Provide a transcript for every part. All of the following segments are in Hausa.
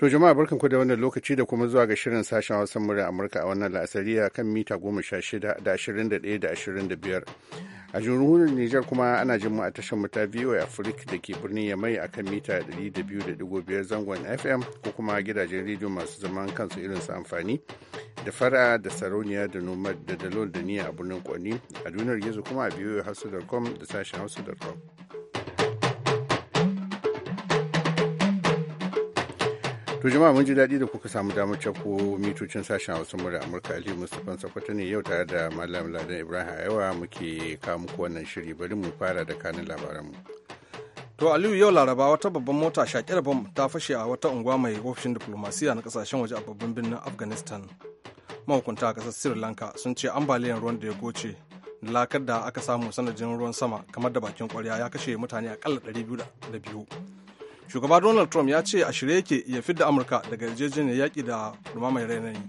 To jama'a barkanku da wannan lokaci da kuma zuwa ga shirin sashen Hausa murya Amurka a wannan a kan mita goma sha shida da ashirin da ɗaya da ashirin da biyar. A jihohin Nijar kuma ana jin mu a tashar mu ta VOA Africa da ke birnin Yamai a kan mita ɗari da biyu zangon FM ko kuma gidajen rediyo masu zaman kansu irin su amfani da fara da sarauniya da noma da dalol da niya a birnin Kwani a duniyar gizo kuma a voahausa.com da sashen hausa.com. to jama'a mun ji daɗi da kuka samu damar cako mitocin sashen hausa mura amurka ali mustapha sakwato ne yau tare da malam ladan ibrahim a yawa muke kawo muku wannan shiri bari mu fara da kanin labaranmu to aliyu yau laraba wata babban mota shaƙi da ta fashe a wata unguwa mai ofishin diplomasiya na kasashen waje a babban birnin afghanistan mahukunta a ƙasar sri lanka sun ce ambaliyar ruwan da ya goce da lakar da aka samu sanadin ruwan sama kamar da bakin kwarya ya kashe mutane akalla biyu. shugaba donald trump ya ce a shirye yake ya fidda amurka daga yarjejeniyar yaƙi da mai rainani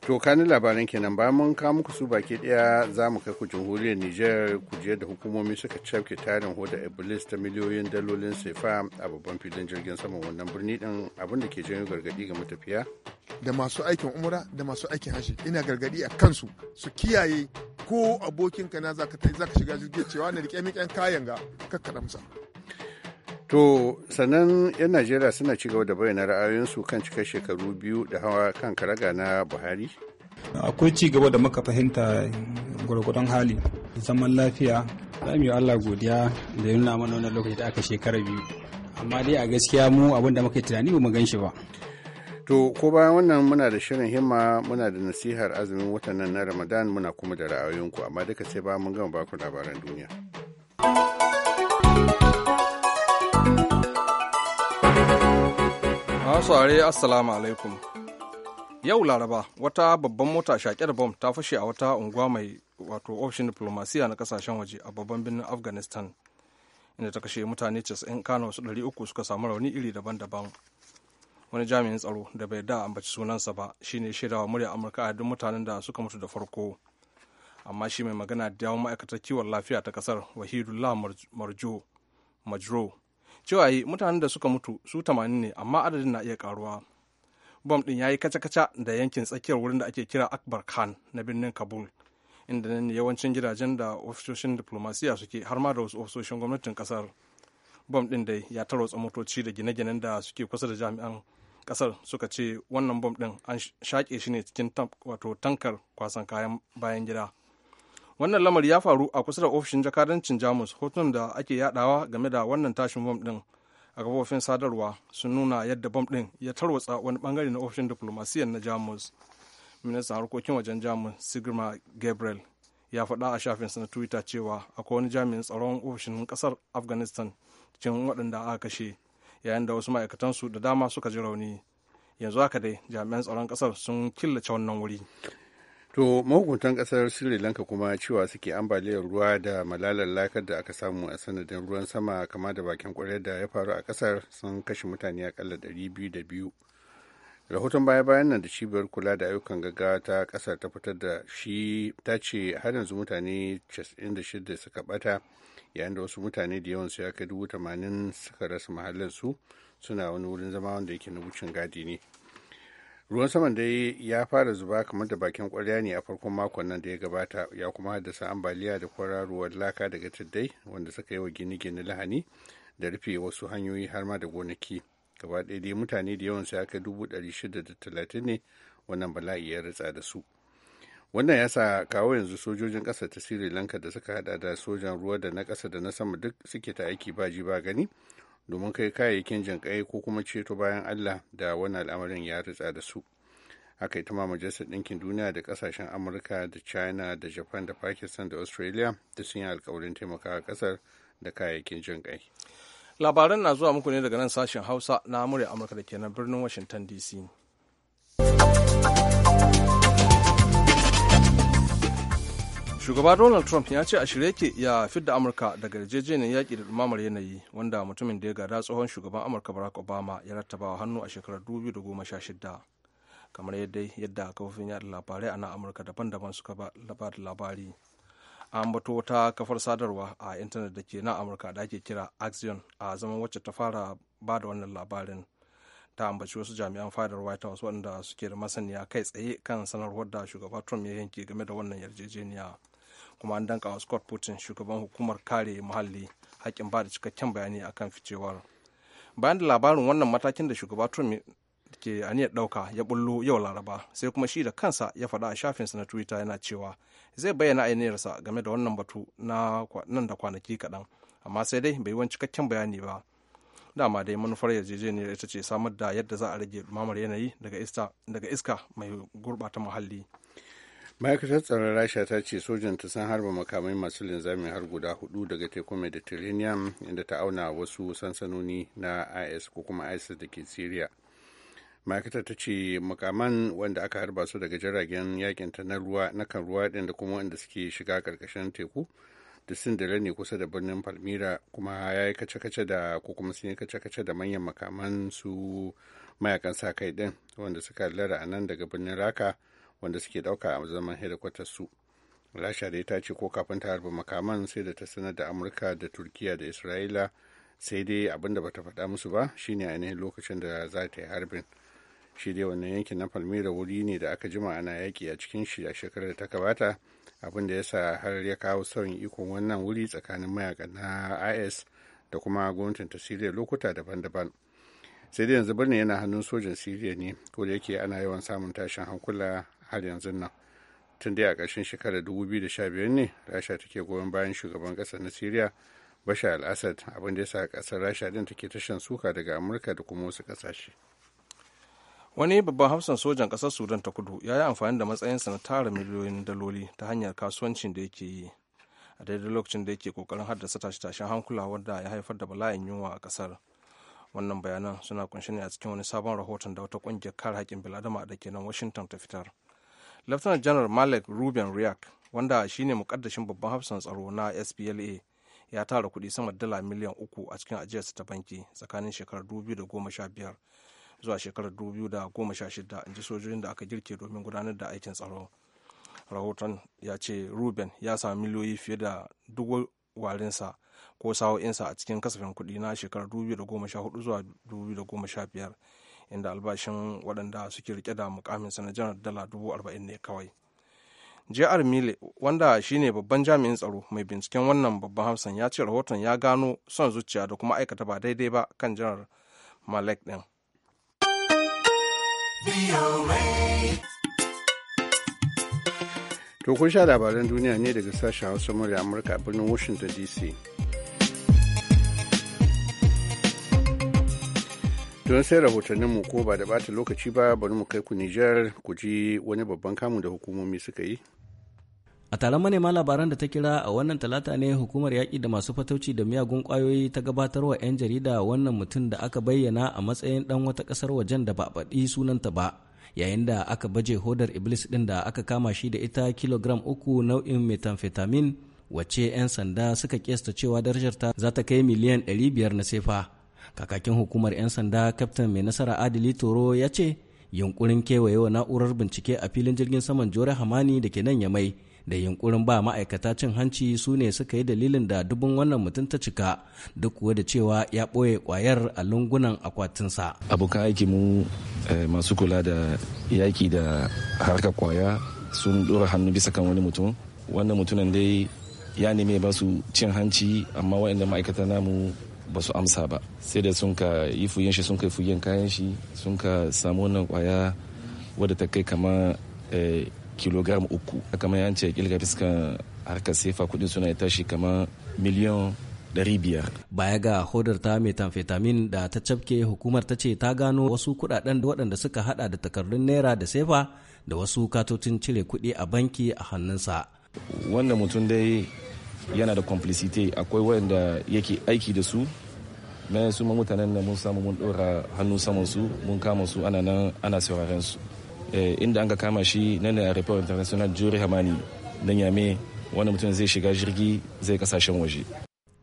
to kani labaran kenan bayan mun kawo muku su baki daya za mu kai ku jamhuriyar niger je da hukumomi suka cafke tarin hoda iblis ta miliyoyin dalolin sefa a babban filin jirgin saman wannan birni din abin da ke janyo gargadi ga matafiya da masu aikin umra da masu aikin hashi ina gargadi a kansu su kiyaye ko abokinka na zaka shiga jirgin cewa na rike miƙen kayan ga ka musa To sannan 'yan Najeriya suna ci gaba da bayyana ra'ayoyinsu kan cikar shekaru biyu da hawa kan karaga na Buhari. Akwai ci gaba da muka fahimta gwargwadon hali zaman lafiya. Za mu yi Allah godiya da yi nuna mana wannan lokaci da aka shekara biyu. Amma dai a gaskiya mu abin da muka tunani ba mu gan shi ba. To ko bayan wannan muna da shirin himma muna da nasihar azumin watan nan na Ramadan muna kuma da ra'ayoyinku amma duka sai ba mun gama baku labaran duniya. masu are assalamu alaikum yau laraba wata babban mota shaƙe da bom ta fashe a wata unguwa mai wato ofishin diplomasiya na kasashen waje a babban birnin afghanistan inda ta kashe mutane 90 kana wasu 300 suka samu rauni iri daban-daban wani jami'in tsaro da bai da ambaci sunansa ba shi shine shaidawa murya amurka a duk mutanen da suka mutu da farko amma shi mai magana da yawon ma'aikatar kiwon lafiya ta kasar wahidullah marjo majro cewa yi mutanen da suka mutu su tamanin ne amma adadin na iya karuwa bom din ya yi kaca-kaca da yankin tsakiyar wurin da ake kira akbar khan na birnin kabul inda nan yawancin gidajen da ofisoshin diplomasiya suke har ma da wasu ofisoshin gwamnatin kasar bom din dai ya tarwatsa motoci da gine-ginen da suke kusa da jami'an kasar suka ce wannan bom din an shaƙe shi ne cikin wato tankar kwasan kayan bayan gida wannan lamari ya faru a kusa da ofishin jakadancin jamus hoton da ake yadawa game da wannan tashin bom din a kafofin sadarwa sun nuna yadda bom din ya tarwatsa wani bangare na ofishin diplomasiyyar na jamus ministan harkokin wajen jamus sigma gabriel ya faɗa a shafin na twitter cewa akwai wani jami'in tsaron ofishin kasar afghanistan cikin waɗanda aka kashe yayin da wasu ma'aikatansu da dama suka ji rauni yanzu haka dai jami'an tsaron ƙasar sun killace wannan wuri To mahukuntan kasar Sri Lanka kuma cewa suke ambaliyar ruwa da malalar lakar da aka samu a sanadin ruwan sama kama da bakin kwarar da ya faru a kasar sun kashe mutane akalla biyu. Rahoton baya-bayan nan da cibiyar kula da ayyukan gaggawa ta kasar ta fitar da shi ta ce har yanzu mutane 96 suka bata yayin da wasu mutane da yawan su ya kai dubu tamanin suka rasa mahallinsu suna wani wurin zama wanda yake na wucin gadi ne. ruwan saman da ya fara zuba kamar da bakin kwarya ne a farkon makon nan da ya gabata ya kuma haddasa ambaliya da kwararuwar laka daga tuddai wanda suka yi wa gine-gine lahani da rufe wasu hanyoyi har ma da gonaki gaba ɗaya dai mutane da yawan sai aka dubu ɗari shida da talatin ne wannan bala'i ya ritsa da su wannan ya sa kawo yanzu sojojin ƙasa ta sri lanka da suka hada da sojan ruwa da na ƙasa da na sama duk suke ta aiki ba ji ba gani domin kai kayayyakin jinƙai ko kuma ceto bayan allah da wani al'amarin ya ritsa da su aka ita ma majalisar ɗinkin duniya da ƙasashen amurka da china da japan da pakistan da australia da sun yi alkawarin taimakawa ƙasar da kayayyakin jinƙai labaran na zuwa muku ne daga nan sashen hausa na amurka da ke nan birnin washington dc shugaba donald trump ya ce a shirye yake ya fidda amurka daga yarjejeniyar yaƙi da ɗumamar yanayi wanda mutumin da ya gada tsohon shugaban amurka barack obama ya rattabawa hannu a shekarar 2016 kamar yadda yadda kafofin yada labarai a nan amurka daban-daban suka ba da labari an bato wata kafar sadarwa a intanet da ke nan amurka da ake kira axion a zaman wacce ta fara ba da wannan labarin ta ambaci wasu jami'an fadar white house waɗanda suke da masaniya kai tsaye kan sanarwar da shugaba trump ya yanke game da wannan yarjejeniya kuma an danka wa scott putin shugaban hukumar kare muhalli hakkin ba da cikakken bayani akan ficewar bayan da labarin wannan matakin da shugaba trump ke aniyar ɗauka ya bullo yau laraba sai kuma shi da kansa ya fada a shafinsa na twitter yana cewa zai bayyana ainihinsa game da wannan batu na nan da kwanaki kaɗan amma sai dai bai wani cikakken bayani ba dama dai manufar yarjejeniyar ita ce samar da yadda za a rage dumamar yanayi daga iska mai gurɓata muhalli ma'aikatar tsaron rasha ta ce sojan ta san harba makamai masu linzamin har guda hudu daga tekun mediterranean inda ta auna wasu sansanoni na is ko kuma isis da ke syria ma'aikatar ta ce makaman wanda aka harba su daga jiragen yakin ta na ruwa na kan ruwa da kuma wanda suke shiga karkashin teku da sindira ne kusa da birnin palmira kuma ya yi kace-kace da ko kuma sun yi kace-kace da manyan makaman su mayakan sa kai din wanda suka lara a nan daga birnin raka wanda suke dauka a zaman hedikwatar su rasha dai ta ce ko kafin ta harba makaman sai da ta sanar da amurka da turkiya da isra'ila sai dai abin da bata faɗa musu ba shine ainihin lokacin da za ta yi harbin shi dai wannan yankin na palmira wuri ne da aka jima ana yaƙi a cikin shi a shekarar da ta gabata abin da ya sa har ya kawo sauyin ikon wannan wuri tsakanin mayakan na is da kuma gwamnatin ta siriya lokuta daban-daban sai dai yanzu birnin yana hannun sojan siriya ne ko da yake ana yawan samun tashin hankula har yanzu nan tun dai a ƙarshen shekarar 2015 ne rasha take goyon bayan shugaban ƙasar na syria bashar al-assad abin da ya sa ƙasar rasha din take tashan suka daga amurka da kuma wasu ƙasashe wani babban hafsan sojan ƙasar sudan ta kudu ya yi amfani da matsayinsa na tara miliyoyin daloli ta hanyar kasuwancin da yake yi a daidai lokacin da yake kokarin haddasa tashe-tashen hankula wadda ya haifar da bala'in yunwa a ƙasar wannan bayanan suna kunshi ne a cikin wani sabon rahoton da wata ƙungiyar kare haƙƙin biladama da ke nan washington ta fitar Lieutenant General Malik Ruben Riak wanda shi ne mukaddashin babban hafsan tsaro na SPLA ya tara kuɗi sama da dala miliyan uku a cikin ajiyarsa ta banki tsakanin shekarar 2015 zuwa shekarar 2016 in ji sojojin da aka girke domin gudanar da aikin tsaro. Rahoton ya ce Ruben ya sami miliyoyi fiye da duk warinsa ko sa'o'insa a cikin kasafin kuɗi na shekarar 2014 zuwa 2015 inda albashin waɗanda suke rike da mukamin na janar dala dubu arba'in ne kawai jr mile wanda shine babban jami'in tsaro mai binciken wannan babban hamsan ya ce rahoton ya gano son zuciya da kuma aikata ba daidai ba kan janar malek din to kun sha labaran duniya ne daga sashen hausa murya amurka a birnin washington dc don sai rahotannin mu ko ba da bata lokaci ba bari mu kai ku Nijar ku ji wani babban kamun da hukumomi suka yi a taron manema labaran da ta kira a wannan talata ne hukumar yaƙi da masu fatauci da miyagun ƙwayoyi ta gabatar wa 'yan jarida wannan mutum da aka bayyana a matsayin ɗan wata ƙasar wajen da ba baɗi sunanta ba yayin da aka baje hodar iblis ɗin da aka kama shi da ita kilogram uku nau'in methamphetamine wacce 'yan sanda suka kesta cewa darajarta za ta kai miliyan 500 na sefa kakakin hukumar 'yan sanda kaftan mai nasara adili toro ya ce yunkurin wa na'urar bincike a filin jirgin saman jore hamani da ke nan mai da yunkurin ba ma'aikata cin hanci su ne suka yi dalilin da dubin wannan mutum ta cika duk kuwa da cewa ya ɓoye kwayar a lungunan akwatinsa. abokan aiki mu eh, masu kula da yaki da harkar kwaya sun ɗora hannu bisa kan wani mutum wannan mutumin dai ya neme ba su cin hanci amma waɗanda ma'aikata namu ba su amsa ba sai da sun ka yi fuyen shi sun kai fuyen kayan shi sun ka samu wannan kwaya wadda ta kai kama eh, kilogram uku kamar yanci ya kilga fiskan harkar sefa kudin suna ya tashi kama miliyan Baya ga hodar ta methamphetamine da ta cafke hukumar ta ce ta gano wasu kudaden waɗanda suka hada da takardun naira da sefa da wasu katotin cire kuɗi a banki a hannunsa. Wannan mutum dai yana da complicity akwai wanda yake aiki da su na su mutanen da mun samu mun dora hannu saman su mun kama su ana nan ana sauraren su eh, inda an ka kama shi nan ne a report international jury hamani dan yame wani mutum zai shiga jirgi zai kasashen waje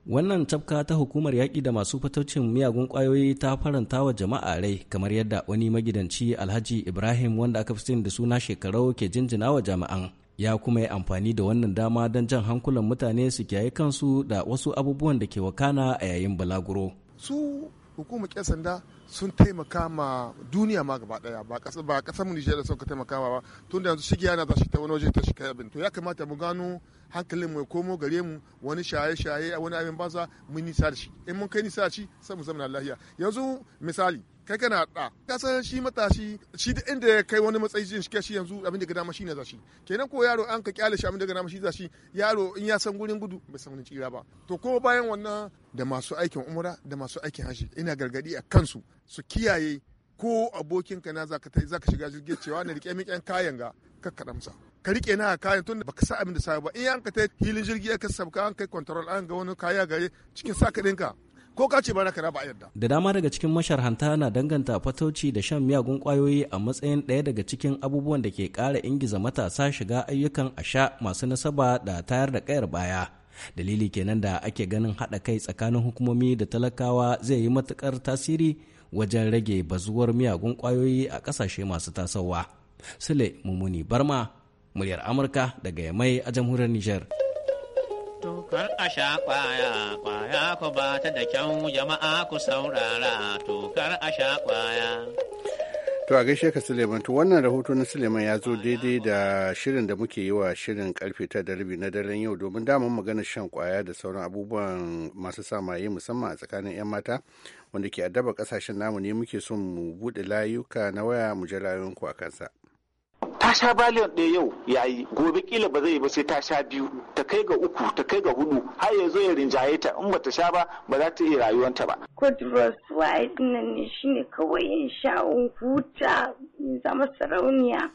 wannan tafka ta hukumar yaƙi da masu fataucin miyagun ƙwayoyi ta faranta wa jama'a rai kamar yadda wani magidanci alhaji ibrahim wanda aka fi da suna shekarau ke jinjina wa jama'an ya kuma yi amfani da wannan dama don jan hankulan mutane su kiyaye kansu da wasu abubuwan da ke wakana a yayin balaguro su hukumar ƙyan sanda sun taimaka ma duniya ma gaba daya ba kasar ba kasar mu Nijar sun ka taimaka ba tun da yanzu shige yana za shi ta wani waje ta shi abin to ya kamata mu gano hankalin mu ya komo gare mu wani shaye shaye a wani abin baza mun nisa da shi in mun kai nisa da shi sai mu zama lafiya yanzu misali kai kana da ka san shi matashi shi duk inda ya kai wani matsayi jin shi yanzu abin da ga dama shine zashi kenan ko yaro an ka kyale shi abin da ga dama zashi yaro in ya san gurin gudu bai san wani tsira ba to ko bayan wannan da masu aikin umra da masu aikin haji ina gargadi a kansu su kiyaye ko abokinka na zaka tai zaka shiga jirgin cewa na rike miƙen kayan ga kakka damsa ka rike na kayan tun da baka sa abin da sa ba in an ka tai hilin jirgi ka sabka an kai control an ga wani kaya gare cikin sa ka ko ka ce ba naka ba yadda. da dama daga cikin masharhanta na danganta fatauci da shan miyagun kwayoyi a matsayin ɗaya daga cikin abubuwan da ke ƙara ingiza matasa shiga ayyukan asha masu nasaba da tayar da kayar baya dalili kenan da ake ganin haɗa kai tsakanin hukumomi da talakawa zai yi matuƙar tasiri wajen rage bazuwar miyagun kwayoyi a ƙasashe masu tasowa sule mummuni barma muryar amurka daga yamai a jamhuriyar nijar kar a sha kwaya kwaya ku ba da kyau jama'a ku saurara to a sha kwaya to a gaishe ka suleiman to wannan rahoto na suleiman ya zo daidai da shirin da muke yi wa shirin karfe ta da rabi na daren yau domin damar maganar shan kwaya da sauran abubuwan masu sa samaye musamman a tsakanin 'yan mata wanda ke addaba kasashen namu ne muke son mu buɗe layuka na waya mu ji ku a kansa tasha sha baliyon ɗaya yau yayi gobe kila ba zai ba sai ta sha biyu ta kai ga uku ta kai ga hudu har yanzu ya rinjaye ta in bata sha ba ba za ta iya rayuwanta ba. Kudros White nan ne shine kawai yin sha huta zama sarauniya.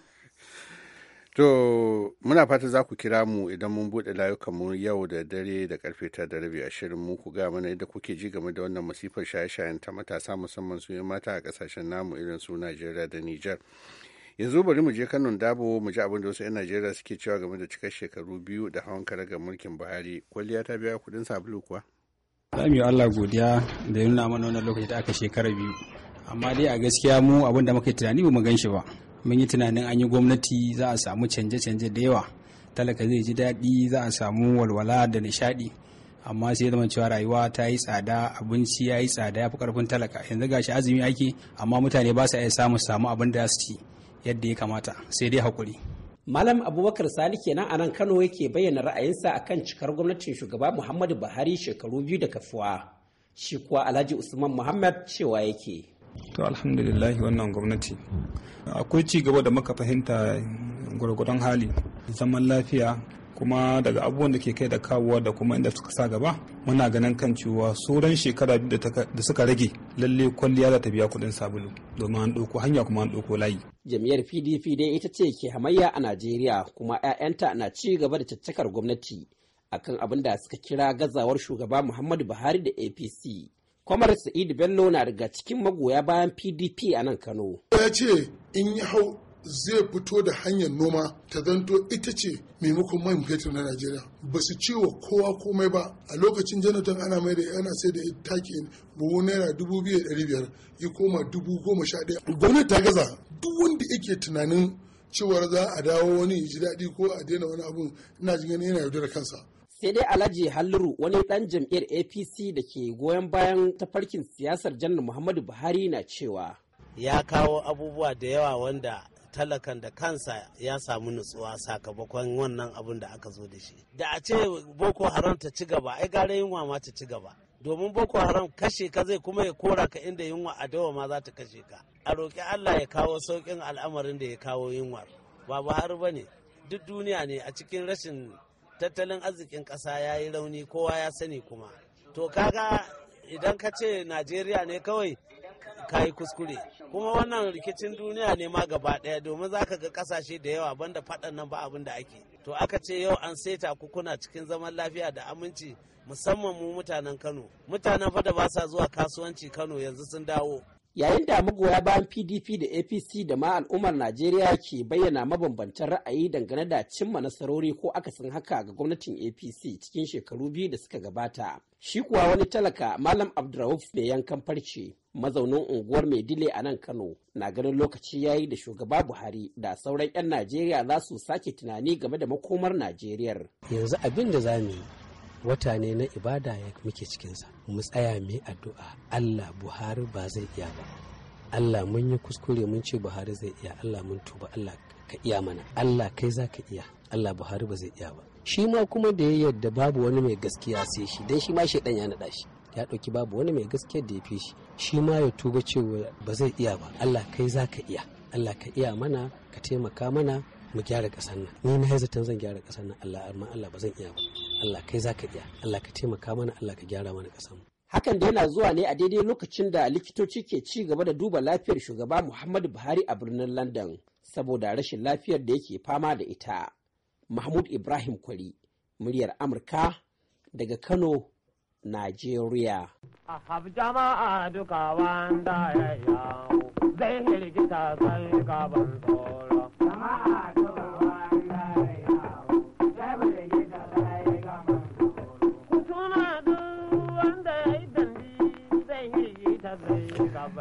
To muna fata za ku kira mu idan mun buɗe layukan mu yau da dare da karfe ta da rabi ashirin mu ku gaya mana yadda kuke ji game da wannan masifar shaye-shayen ta matasa musamman su mata a ƙasashen namu irin su Najeriya da Nijar. yanzu bari mu je kanon dabo mu ji abin da wasu 'yan najeriya suke cewa game da cikar shekaru biyu da hawan ga mulkin buhari kwalliya ta biya kudin sabulu kuwa za mu yi allah godiya da ya nuna mana wannan lokaci da aka shekara biyu amma dai a gaskiya mu abin da muka tunani ba mu gan shi ba mun yi tunanin an yi gwamnati za a samu canje-canje da yawa talaka zai ji daɗi za a samu walwala da nishaɗi amma sai zama cewa rayuwa ta yi tsada abinci ya yi tsada ya fi ƙarfin talaka yanzu gashi azumi ake amma mutane ba sa iya samu samu abin da su ci yadda ya kamata sai dai hakuri Malam Abubakar Sali kenan a nan Kano yake bayyana ra'ayinsa kan cikar gwamnatin shugaba Muhammadu Buhari shekaru biyu da kafuwa. Shi kuwa Alhaji Usman Muhammad cewa yake. To alhamdulillah wannan gwamnati akwai ci gaba da muka fahimta gwargwadon hali zaman lafiya kuma daga abubuwan da ke kai da kawowa da kuma inda suka sa gaba muna ganin kan cewa sauran shekara biyu da suka rage lalle kwalliya za ta biya kuɗin sabulu domin an ɗauko hanya kuma an ɗauko layi. jam'iyyar pdp dai ita ce ke hamayya a najeriya kuma 'ya'yanta na ci gaba da caccakar gwamnati akan abin da suka kira gazawar shugaba muhammadu buhari da apc kwamar sa'idu bello na daga cikin magoya bayan pdp a nan kano ya ce in yi hau zai fito da hanyar noma ta zanto ita ce maimakon man fetur na najeriya ba su ce wa kowa komai ba a lokacin jonathan ana mai da yana sai da taki buhu naira dubu biyu da biyar ya koma dubu goma sha ɗaya gwamnati ta gaza duk wanda yake tunanin cewar za a dawo wani ji daɗi ko a daina wani abun ina jin gani yana yaudar kansa sai dai alhaji halliru wani dan jam'iyyar apc da ke goyon bayan tafarkin siyasar janar muhammadu buhari na cewa ya kawo abubuwa da yawa wanda talakan da kansa ya samu nutsuwa sakamakon wannan abun da aka zo da shi da a ce boko haram ta ci gaba ai gare yunwa ma ta ci gaba domin boko haram kashe ka zai kuma ya kora ka inda yunwa a dawa ma za ta kashe ka a roƙi allah ya kawo saukin al'amarin da ya kawo yunwa ba buhari ba ne duk duniya ne a cikin rashin tattalin arzikin ƙasa ya yi rauni kowa ya sani kuma to kaga idan ka ce najeriya ne kawai ka yi kuskure kuma wannan rikicin duniya ne ma gaba ɗaya domin za ka ga kasashe da yawa banda faɗan nan ba abin da ake to aka ce yau an saita ku cikin zaman lafiya da aminci musamman mu mutanen kano mutanen fa da ba sa zuwa kasuwanci kano yanzu sun dawo yayin da magoya bayan pdp da apc da ma al'ummar najeriya ke bayyana mabambantan ra'ayi dangane da cimma nasarori ko akasin haka ga gwamnatin apc cikin shekaru biyu da suka gabata shi kuwa wani talaka malam abdurrauf mai yankan farce mazaunin unguwar maidile a nan kano na ganin lokaci yayi da shugaba buhari da sauran 'yan najeriya za su sake tunani game da makomar najeriyar yanzu abin da za mu yi wata ne na ibada ya muke cikinsa mu tsaya mu addu'a allah buhari ba zai iya ba allah mun yi kuskure mun ce buhari zai iya allah mun tuba allah ka iya mana allah kai za ka iya allah buhari ba zai iya ba shi ma kuma da ya yadda babu wani mai gaskiya sai shi dan shi ma shaidan ya naɗa shi ya ɗauki babu wani mai gaskiya da ya fi shi shi ma ya tuba cewa ba zai iya ba allah kai za ka iya allah ka iya mana ka taimaka mana mu gyara ƙasar nan ni na zaton zan gyara ƙasar nan allah amma allah ba zan iya ba Allah kai za ka iya Allah ka taimaka mana Allah ka gyara mana kasan hakan da yana zuwa ne a daidai lokacin da likitoci ke ci gaba da duba lafiyar shugaba Muhammadu Buhari a birnin London saboda rashin lafiyar da yake fama da ita Mahmud Ibrahim Kwari muryar Amurka daga Kano Najeriya. A zai gaban tsoro.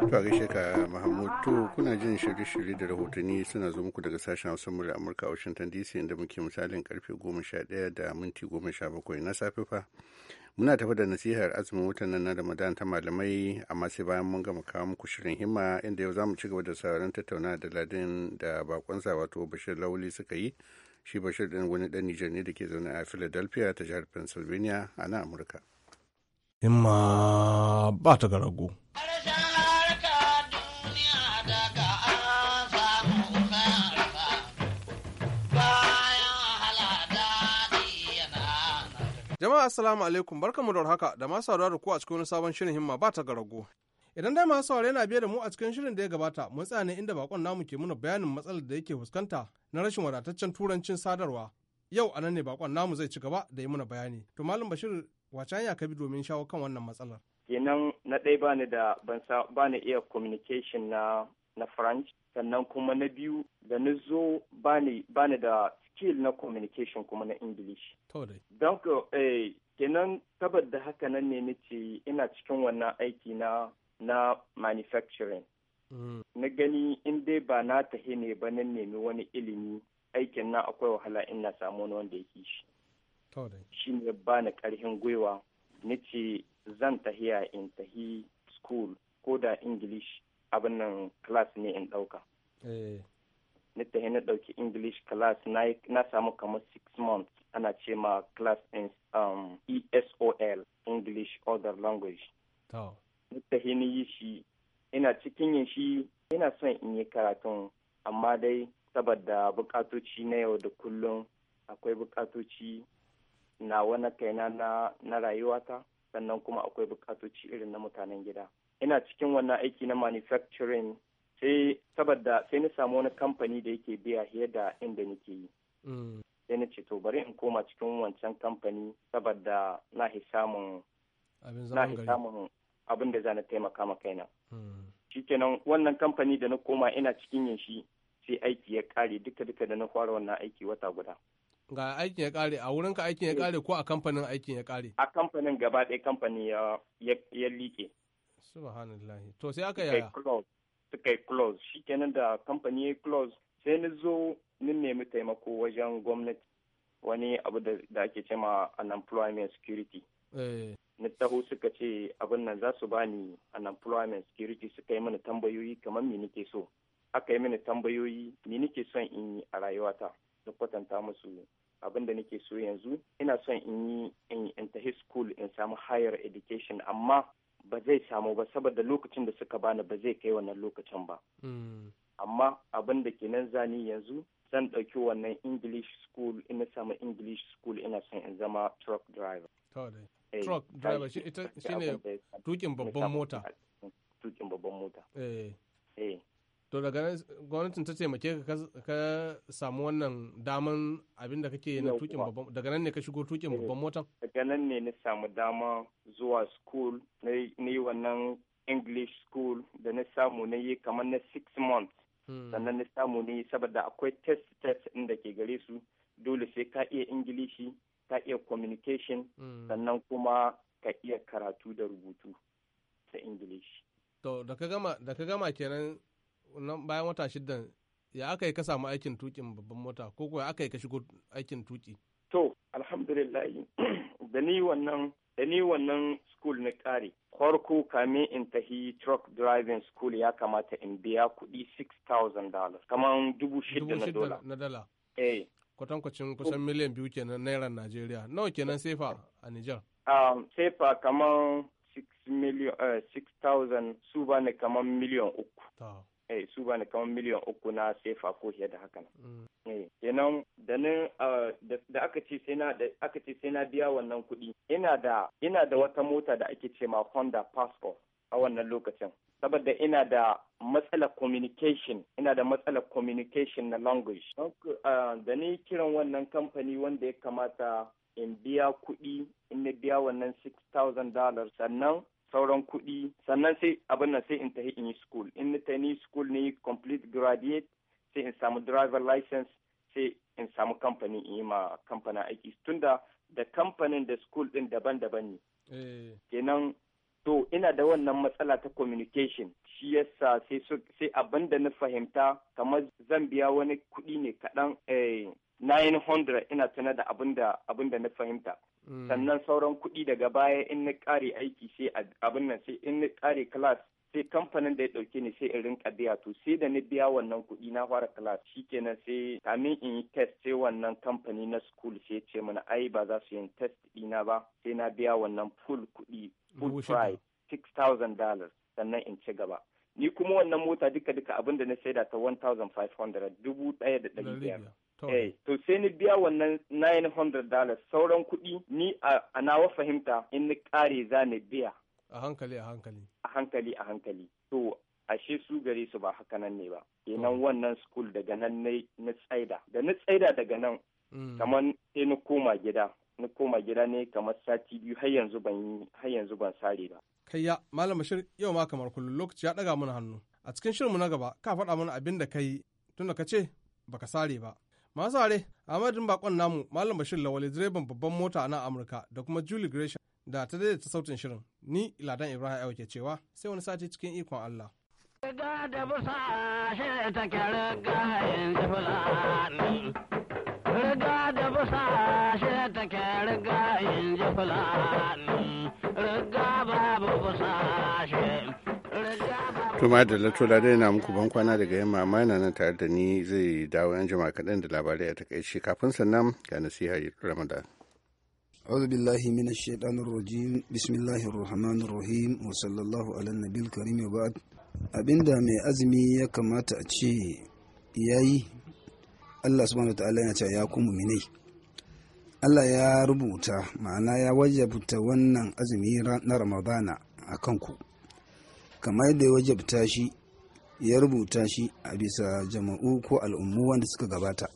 To a gaishe ka Mahmud to kuna jin shirye-shirye da rahotanni suna zo muku daga sashen Hausa murya Amurka a Washington DC inda muke misalin karfe 11 da minti 17 na safe fa. Muna tafi da nasihar azumin watan nan na Ramadan ta malamai amma sai bayan mun gama kawo muku shirin himma inda yau zamu ci gaba da sauran tattauna da Ladin da bakonsa wato Bashir Lauli suka yi. Shi Bashir din wani dan Nijar ne da ke zaune a Philadelphia ta jihar Pennsylvania a nan Amurka. Himma ba ta garago. Jama'a assalamu alaikum barkamu da haka da masu saurara da ku a cikin wani sabon shirin himma ba ta garago. Idan dai masu saurare yana biye da mu a cikin shirin da ya gabata mun tsaya ne inda bakon namu ke muna bayanin matsalar da yake fuskanta na rashin wadataccen turancin sadarwa. Yau anan ne bakon namu zai ci gaba da yi muna bayani. To Malam Bashir wace hanya ka bi domin shawo kan wannan matsalar? Kenan na ɗaya bani da ban ni iya communication na na French sannan kuma na biyu da na zo bani bani da skill na communication kuma na English. Don eh, kenan da haka nan ne nace ina cikin wannan aiki na na manufacturing. Mm. Na gani in dai ba na tahe ne ba nan nemi wani ilimi aikin na akwai wahala in na samu wani wanda yake shi. Shi ne ba na ƙarfin gwiwa nace zan tahiya in tahi school ko da English abin nan class ne in ɗauka. Eh. na na ɗauki english class na samu kamar six months ana ce ma class in um, esol english other language na na yi shi ina cikin yin shi ina son in yi karatun amma dai saboda bukatoci na yau da kullum akwai bukatoci na wani kaina na rayuwata sannan kuma akwai bukatoci irin na mutanen gida ina cikin wannan aiki na manufacturing sai saboda sai na samu wani kamfani da yake biya fiye da inda nake yi mm. sai na ce to bari in koma cikin wancan kamfani saboda na hi samun na samun abin da zana taimaka ma kaina mm. shikenan wannan kamfani da na koma ina cikin yin shi sai aiki ya kare duka duka da na fara wannan aiki wata guda ga aikin ya kare a wurinka aikin ya kare ko a kamfanin aikin ya kare a kamfanin gaba ɗaya kamfani ya ya like subhanallah to sai aka yaya suka yi close shikenan da kamfani ya close sai ni zo ni nemi taimako wajen gwamnati wani abu da ake cema unemployment security eh. na taho suka ce abin nan za su bani unemployment security suka yi mini tambayoyi kamar me nake so aka yi mini tambayoyi me nake son in yi a rayuwata na kwatanta musu abin da nake so yanzu ina son in yi in tahi school in samu higher education amma ba zai samu ba saboda lokacin da suka bani ba zai kai wannan lokacin ba hmm. amma abin da nan zani yanzu zan ɗauki wannan english school ina samu english school ina son in zama truck driver eh, truck driver shi ne tukin babban mota tukin babban mota eh, eh. to daga gwamnatin ta taimake ka ka samu wannan daman abin da kake na tukin babban daga nan ne ka shigo tukin eh, babban motan daga nan ne na samu dama zuwa school na yi wannan english school da na samu na yi kamar na six months hmm. sannan na samu ne saboda akwai test test da ke gare su dole sai ka iya ingilishi ka iya communication hmm. sannan kuma ka iya karatu da rubutu ta ingilishi to da ka gama kenan bayan wata shida ya aka yi ka samu aikin tukin babban mota ko kuwa aka yi ka shigo aikin tuki to alhamdulillah da ni wannan da ni wannan school na ƙari. farko kamin in tahi truck driving school ya kamata in biya kuɗi $6,000 kaman dubu shida na na dala eh kwatankwacin kusan miliyan biyu kenan naira Najeriya nawa kenan sefa a Nijar um, sefa kaman 6,000 eh, su ba ne kaman miliyan uku eh su bani kamar miliyan uku na sefa ko shi da hakan. Mm. Eh, kenan da ni da aka ce sai na da aka ce sai na biya wannan kuɗi ina da ina da wata mota da ake ce ma Honda Passport a wannan lokacin saboda ina da matsalar communication ina da matsalar communication na language da ni kiran wannan kamfani wanda ya kamata in biya kuɗi in biya wannan $6,000 sannan sauran kuɗi sannan sai abin nan sai in tafi in yi school in ni ta ni school ne complete graduate sai in samu driver license sai in samu kamfani in yi ma kamfanin aiki tunda da kamfanin da school din daban-daban ne eh. kenan to ina da wannan matsala ta communication shi yasa sai abin da na fahimta kamar zan biya wani kuɗi ne kaɗan eh, 900 ina tana da abin da na fahimta mm. sannan sauran kuɗi daga baya in na ƙare aiki sai abin nan sai in na ƙare class sai kamfanin da ya ɗauke ni sai in rinka biya to sai da ni biya wannan kuɗi na fara class shikenan sai kamin in yi test sai wannan kamfani na school sai ce mana ai ba za su yi test ɗina ba sai na biya wannan full kuɗi full price six thousand dollars sannan in ci gaba ni kuma wannan mota duka duka abin da na saida ta one thousand five hundred dubu ɗaya da ɗari biyar Eh, to sai ni biya wannan 900 dollars sauran kuɗi ni a nawa fahimta in ni ƙare za ni biya. A hankali a hankali. A hankali a hankali. To ashe su gare su ba haka nan ne ba. Kenan wannan school daga nan ne na tsaida. Da na tsaida daga nan. Mm. Kamar sai ni koma gida. Ni koma gida ne kamar sati biyu har yanzu ban har yanzu ban sare ba. Kai ya malam shir yau ma kamar kullum lokaci ya ɗaga mana hannu. A cikin shirinmu na gaba ka faɗa mana abin da ka yi tunda ka ce baka sare ba. Masu are, Ahmadin bakon namu Malam Bashir Lawale direban babban mota na Amurka da kuma Julie Gresham da ta daidaita sautin shirin. Ni Ladan Ibrahim Ayo ke cewa sai wani sati cikin ikon Allah. Riga da busa shi ta Riga fulani. Tuma da latola dai na muku bankwana daga yamma yana nan tare da ni zai dawo yan jima kaɗan da labarai a takaice kafin sannan ga nasiha Ramadan. أعوذ بالله من الشيطان الرجيم بسم الله الرحمن الرحيم alaihi wa على النبي الكريم ba'ad. abinda mai azumi ya kamata a ce ya yi Allah subhanahu ta'ala ya ce ya kuma minai Allah ya rubuta ma'ana ya wajabta wannan azumi na Ramadana a kanku kamar yadda ya wajabta shi ya rubuta shi a bisa jama'u ko al'ummu wanda suka gabata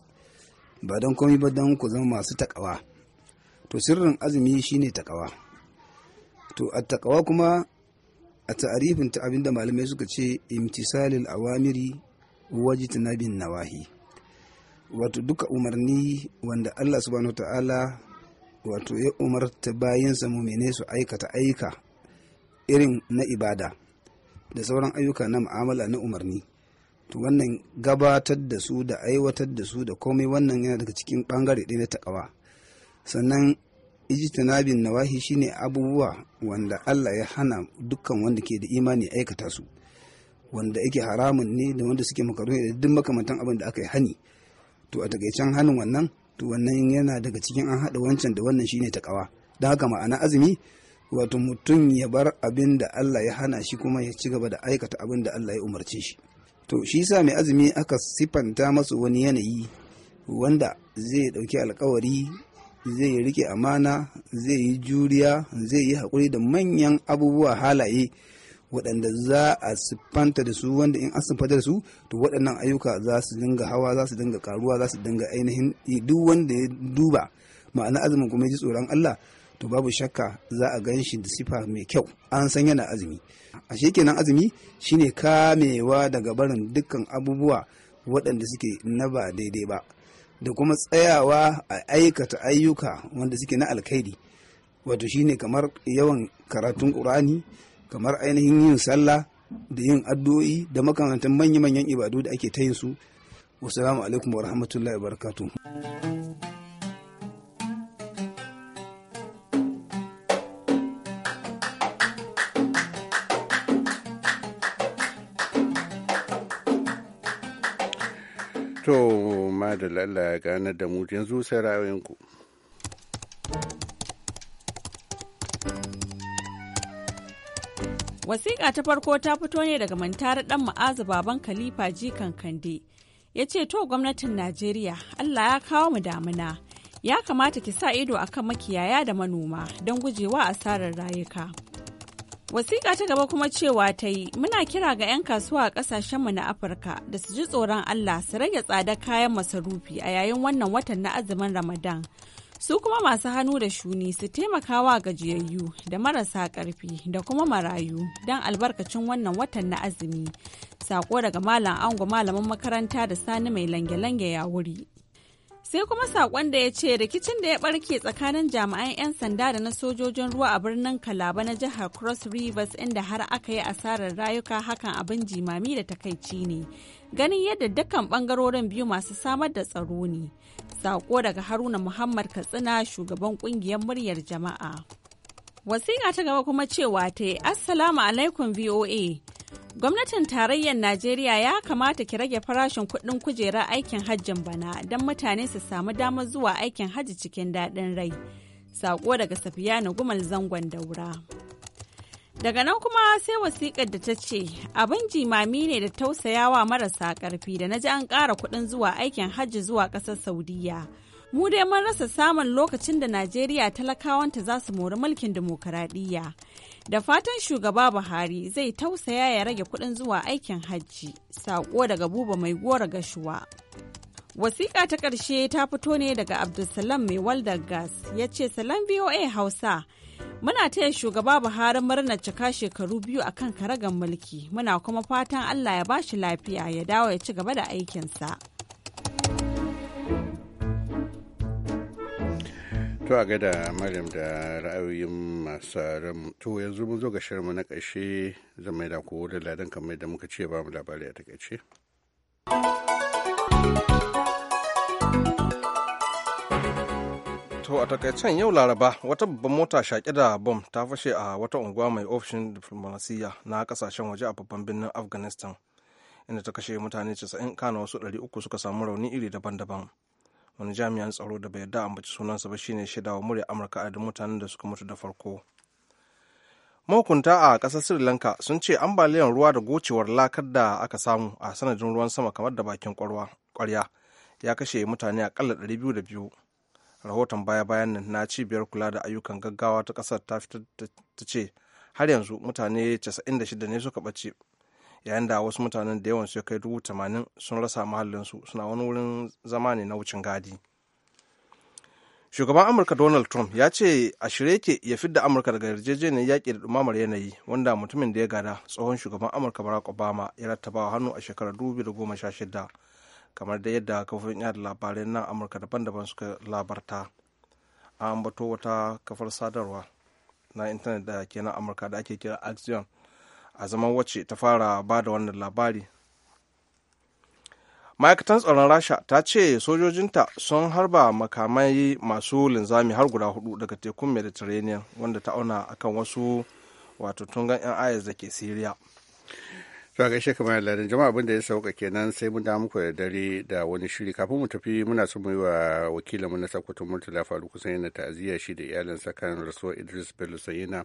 ba don komai ba don ku zama masu takawa to sirrin azumi shine takawa to a takawa kuma a ta'arifin ta abinda malamai suka ce imtisalil awamiri bin nawahi wato duka umarni wanda Allah subhanahu ta'ala wato ya umarta bayansa mumine su aikata aika irin na ibada da sauran ayyuka na mu'amala na umarni to wannan gabatar da su da aiwatar da su da komai wannan yana daga cikin bangare ɗaya na takawa sannan ijtinabin nawahi shine abubuwa wanda Allah ya hana dukkan wanda ke da imani aikata su wanda yake haramun ne da wanda suke makaruni da duk makamantan abin da aka yi hani to a takaicen hanin wannan to wannan yana daga cikin an haɗa wancan da wannan shine takawa don haka ma'ana azumi wato mutum ya bar abin da Allah ya hana shi kuma ya ci gaba da aikata abin da Allah ya umarce shi to shi sa mai azumi aka sifanta masa wani yanayi wanda zai ɗauki alkawari zai yi rike amana zai yi juriya zai yi haƙuri da manyan abubuwa halaye waɗanda za a siffanta da su wanda in an siffanta da su to waɗannan ayyuka za su dinga hawa za su dinga karuwa za su dinga ainihin duk wanda ya duba ma'ana azumin kuma ya ji tsoron Allah to babu shakka za a gan shi da sifa mai kyau an san yana azumi a kenan azumi shine kamewa daga barin dukkan abubuwa waɗanda suke na ba daidai ba da kuma tsayawa a aikata ayyuka wanda suke na alkhairi wato shine kamar yawan karatun ƙur'ani kamar ainihin yin sallah da yin addu'o'i da makamantan manya-manyan ibadu da ake ta yin su wasu alaikum wa rahmatullahi wa barakatuhu To, da Allah ya ganar da mu yanzu sai ra'ayoyinku. Wasiƙa ta farko ta fito ne daga mantara ɗan ma'azu baban Khalifa Jikan Kande. Ya ce, To gwamnatin Najeriya, Allah ya kawo mu damuna. Ya kamata ki sa ido akan makiyaya da manoma don gujewa asarar rayuka. Wasiƙa ta gaba kuma cewa ta yi, muna kira ga 'yan kasuwa a ƙasashenmu na Afirka da su ji tsoron Allah su rage tsada kayan masarufi a yayin wannan watan na azumin Ramadan. Su kuma masu hannu da shuni su taimaka wa gajiyayyu da marasa ƙarfi da kuma marayu don albarkacin wannan watan na azumi. Sako daga Malam Ango malamin makaranta da Sani mai lange-lange ya wuri. sai kuma sakon da ya ce rikicin da ya barke tsakanin jami'an 'yan sanda da na sojojin ruwa a birnin kalaba na jihar cross rivers inda har aka yi asarar rayuka hakan abin jimami da takaici ne ganin yadda dukkan bangarorin biyu masu samar da tsaro ne sako daga haruna muhammad katsina shugaban kungiyar muryar jama'a wasiƙa ta gaba kuma cewa ta yi assalamu alaikum voa Gwamnatin tarayyar Najeriya ya kamata ki rage farashin kuɗin kujerar aikin hajjin bana don mutane su samu damar zuwa aikin hajji cikin daɗin rai. saƙo daga Safiya na gumal zangon daura. Daga nan kuma sai wasiƙar da ta ce, abin jimami ne da tausayawa marasa ƙarfi da na ji an ƙara kuɗin zuwa aikin hajji zuwa ƙasar Saudiya. Mu dai mun rasa samun lokacin da Najeriya talakawanta za su mori mulkin dimokuraɗiyya. Da fatan shugaba Buhari zai tausaya ya rage kuɗin zuwa aikin hajji, saƙo daga buba mai gora gashuwa. Wasiƙa ta ƙarshe ta fito ne daga Abdulsalam mai waldar gas ya ce salam VOA Hausa. Muna taya shugaba Buhari murnar cika shekaru biyu a kan karagan mulki, muna kuma fatan Allah ya ba shi lafiya ya dawo ya ci gaba da aikinsa. To a gada Maryam da ra'ayoyin masu to yanzu mun zo ga mu na ƙarshe zan mai da ku da ladan kamar da muka ce ba mu labari a takaice. To a takaicen yau Laraba wata babban mota shaƙi da bom ta fashe a wata unguwa mai ofishin diflomasiyya na kasashen waje a babban birnin Afghanistan inda ta kashe mutane 90 kana wasu 300 suka samu rauni iri daban-daban. wani jami'an tsaro da bai yarda ambaci sunansa ba shine shaidawa murya amurka a adadin mutanen da suka mutu da farko mahukunta a kasar sri lanka sun ce ambaliyar ruwa da gocewar lakar da aka samu a sanadin ruwan sama kamar da bakin kwarya ya kashe mutane a akalla biyu. rahoton baya-bayan nan na cibiyar kula da ayyukan gaggawa ta kasar ta fitar ta ce har yanzu mutane 96 ne suka ɓace yayin da wasu mutanen da yawan su kai dubu tamanin sun rasa mahallinsu suna wani wurin zama ne na wucin gadi shugaban amurka donald trump ya ce a shirye ke ya fidda amurka daga yarjejeniyar yaƙi da dumamar yanayi wanda mutumin da ya gada tsohon shugaban amurka barack obama ya rattabawa hannu a shekarar shida kamar da yadda kafofin yada labarai na amurka daban-daban suka labarta a ambato wata kafar sadarwa na intanet da ke na amurka da ake kira axiom a zaman wacce ta fara ba da wannan labari ma'aikatan tsaron rasha ta ce sojojinta sun harba makamai masu linzami har guda hudu daga tekun mediterranean wanda ta auna akan wasu wato tungan 'yan is da ke syria to gaishe kamar ladin jama'a abin da ya sauka kenan sai mun da muku da dare da wani shiri kafin mu tafi muna so mu yi wa wakilin mu na sakwatin murtala faru kusan yana ta'aziyya shi da iyalinsa kan rasuwar idris bello sayina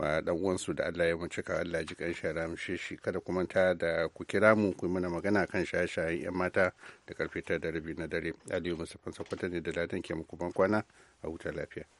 wa dan uwansu da Allah ya mace ka Allah ji kan shara shi kada ku manta da ku kira mu ku mana magana kan shaye-shayen yan mata da karfe ta da rabi na dare Aliyu Musa Fansa ne da Ladan ke muku ban kwana a huta lafiya